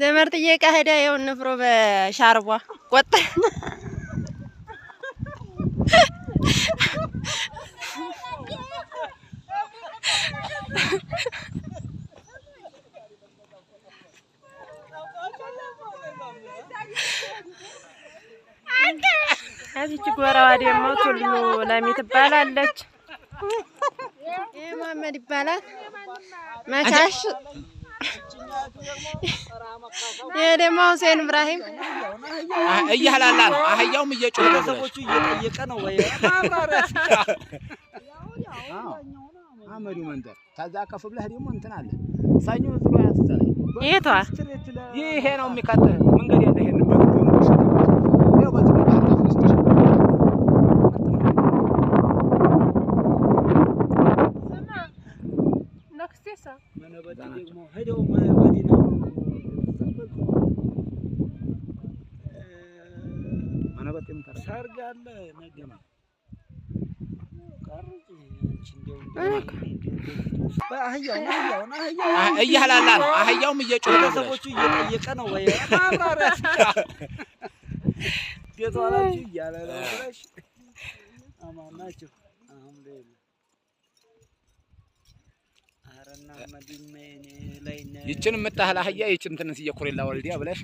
ዘመርት ዕቃ ሄዳ ያው ንፍሮ በሻርቧ ቆጠ ከዚች ጎራዋ ደግሞ ቱሉ ለሚ ትባላለች። ይህ መሀመድ ይባላል መቻሽ ይሄ ደግሞ ሁሴን ኢብራሂም እያላላ ነው። አህያውም እየጮኸ እየጠየቀ ነው። መንደር ከዛ ከፍ ብለህ ደግሞ እንትን አለ ሰኞ ይሄ ነው የሚከተህ መንገድ ያለ ደግሞ ሄደው እያላላ ነው። አህያውም እየጮኸ ቤተሰቦቹ እየጠየቀ ነው። ቤቷ ናችሁ እያለ ነው። አማን ናቸው። ይችን የምታህል አህያ ይችን ትንስ ኩሬላ ወልዲያ ብለሽ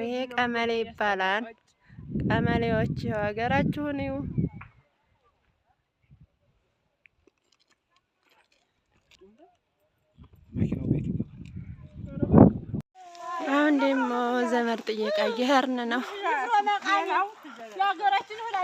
ይሄ ቀመሌ ይባላል። ቀመሌዎች ሀገራችሁን አሁን ደግሞ ዘመድ ጥየቃ እየሄድን ነው። ሀገራችን ይወት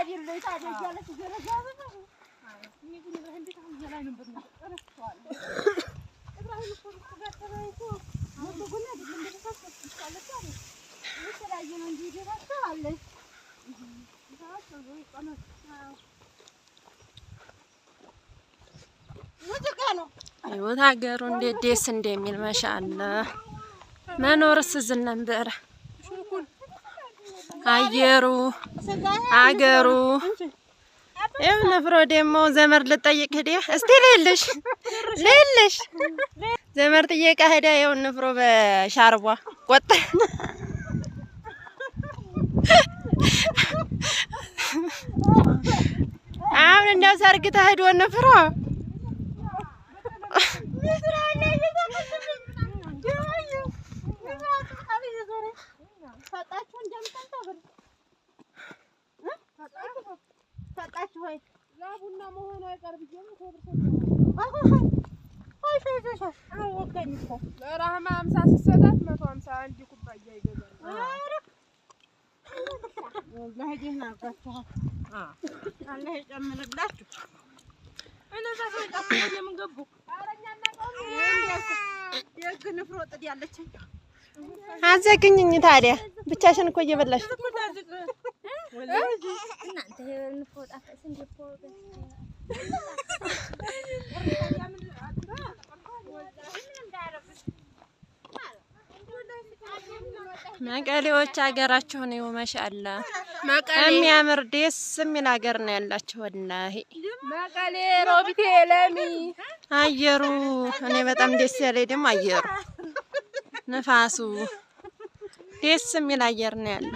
ሀገሩ እንዴት ደስ እንደሚል ማሻአላ መኖርስ ዝነን ብዕረ አየሩ አገሩ ይኸው ነፍሮ ደግሞ ዘመድ ልጠይቅ ሄዲያ እስቲ ልልሽ ልልሽ ዘመድ ጥየቃ ሄዳ ይኸው ነፍሮ በሻርቧ ቆጣ አሁን እንደው ሰርግ ተሄዶ ነፍሮ ሰጣችሁ ወይ ላቡና መሆኑ አይቀር ብዬ ለራህማ ሀምሳ ስትሰጣት መቶ ሀምሳ አንድ ኩባያ ይገዛል። አላህ ይጨምርላችሁ። እነዛ ሰው ጨምሮ የምን ገቡ የግንፍሮ ጥድ ያለችኝ አዘግኝኝ ታዲያ ብቻሽን እኮ እየበላሽ እናንተ እንፎጣ ስንዴ እኮ መቀሌዎች ሀገራችሁን ይኸው ማሻአላ የሚያምር ደስ የሚል ሀገር ነው ያላችሁ። ወላሂ መቀሌ ሮቢቴ ለሚ አየሩ እኔ በጣም ደስ ያለኝ ደግሞ አየሩ ነፋሱ ደስ የሚል አየር ነው ያለው።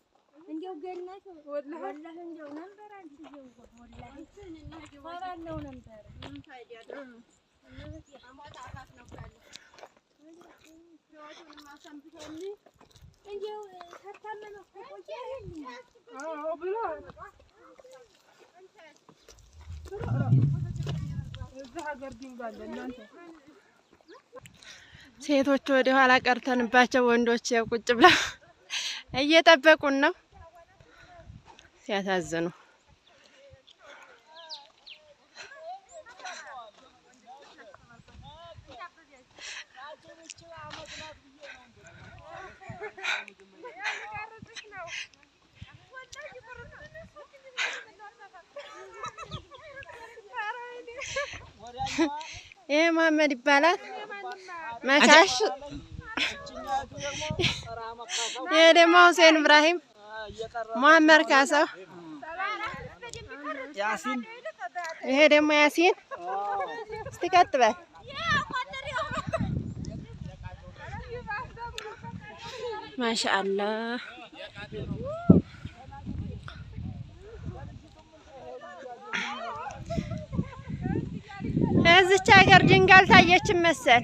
እንደው ገነት ወላሂ እንደው ነበር አንቺ ወላሂ ነበር። እንደው ከታመመ እኮ ቀርተንባቸው ወንዶች ቁጭ ብለው እየጠበቁን ነው። ሲያሳዝኑ ይህ መሀመድ ይባላል። መካሽ። ይህ ደግሞ ሁሴን እብራሂም መሀመድ ካሳው ይሄ ደግሞ ያሲን እስቲ ቀጥ ማሻአላህ ለዚች ሀገር ድንጋል ታየችን መሰል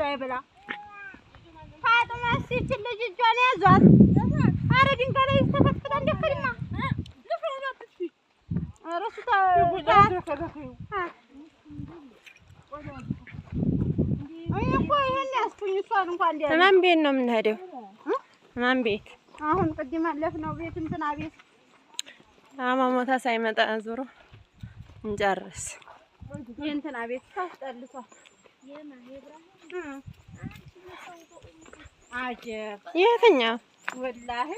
ኪራይ ብላ ፋጥማ ሲች ልጅ እጇን ያዟት። አረ ድንጋይ ላይ ተፈትፍታ እንደፈሪማ እማን ቤት ነው የምንሄደው? እማን ቤት አሁን ቅድም አለፍ ነው ቤት እንትና ቤት አማሞታ ሳይመጣ ዞሮ እንጨርስ። የእንትና ቤት ታስጠልቷል። የትኛው ወላሂ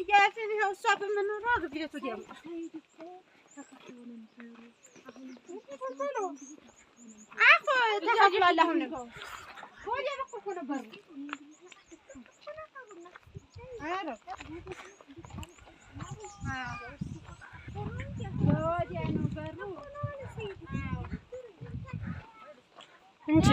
እያትን ይኸው እሷ በመኖሯ ቤቱ ደግሞ አፎ አሁን ወዲያ ነው በሩ እንጂ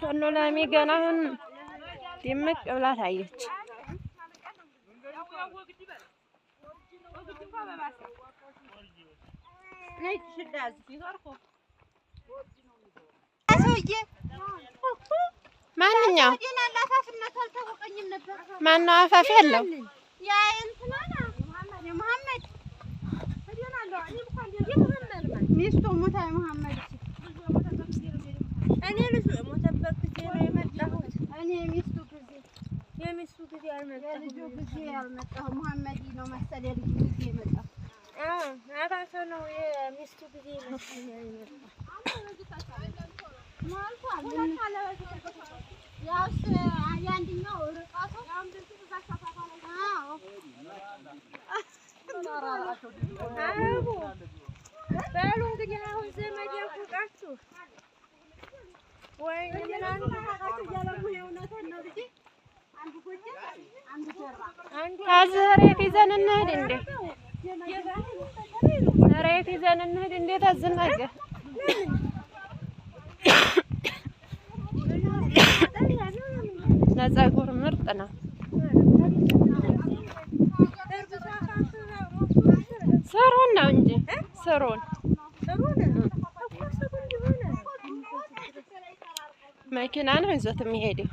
ቶሎ ለሚ ገና አሁን ድምቅ ብላ ታየች። ማንኛው ማነው አፋፊ ያለው ሚስቱ ሙታ የመሐመድ እኔ ልጁ ሞተበት ጊዜ ነው የመጣሁት። እኔ የሚስቱ ጊዜ የሚስቱ ጊዜ አልመጣሁም። የልጁ ጊዜ አልመጣሁም። መሐመድ ነው መሰል የልጁ ጊዜ የመጣሁ አባቶ ነው የሚስቱ ጊዜ መሰለኝ የመጣሁ በሉ እንግዲህ አሁን ዘመድ ያውቃችሁ ወይ ሬት ይዘን እንሂድ እንዴ? ሬት ይዘን እንሂድ እንዴት አዝናገ ለፀጉር ምርጥ ነው። ስሩን ነው እንጂ ስሩን መኪና ነው ይዞት የሚሄደው።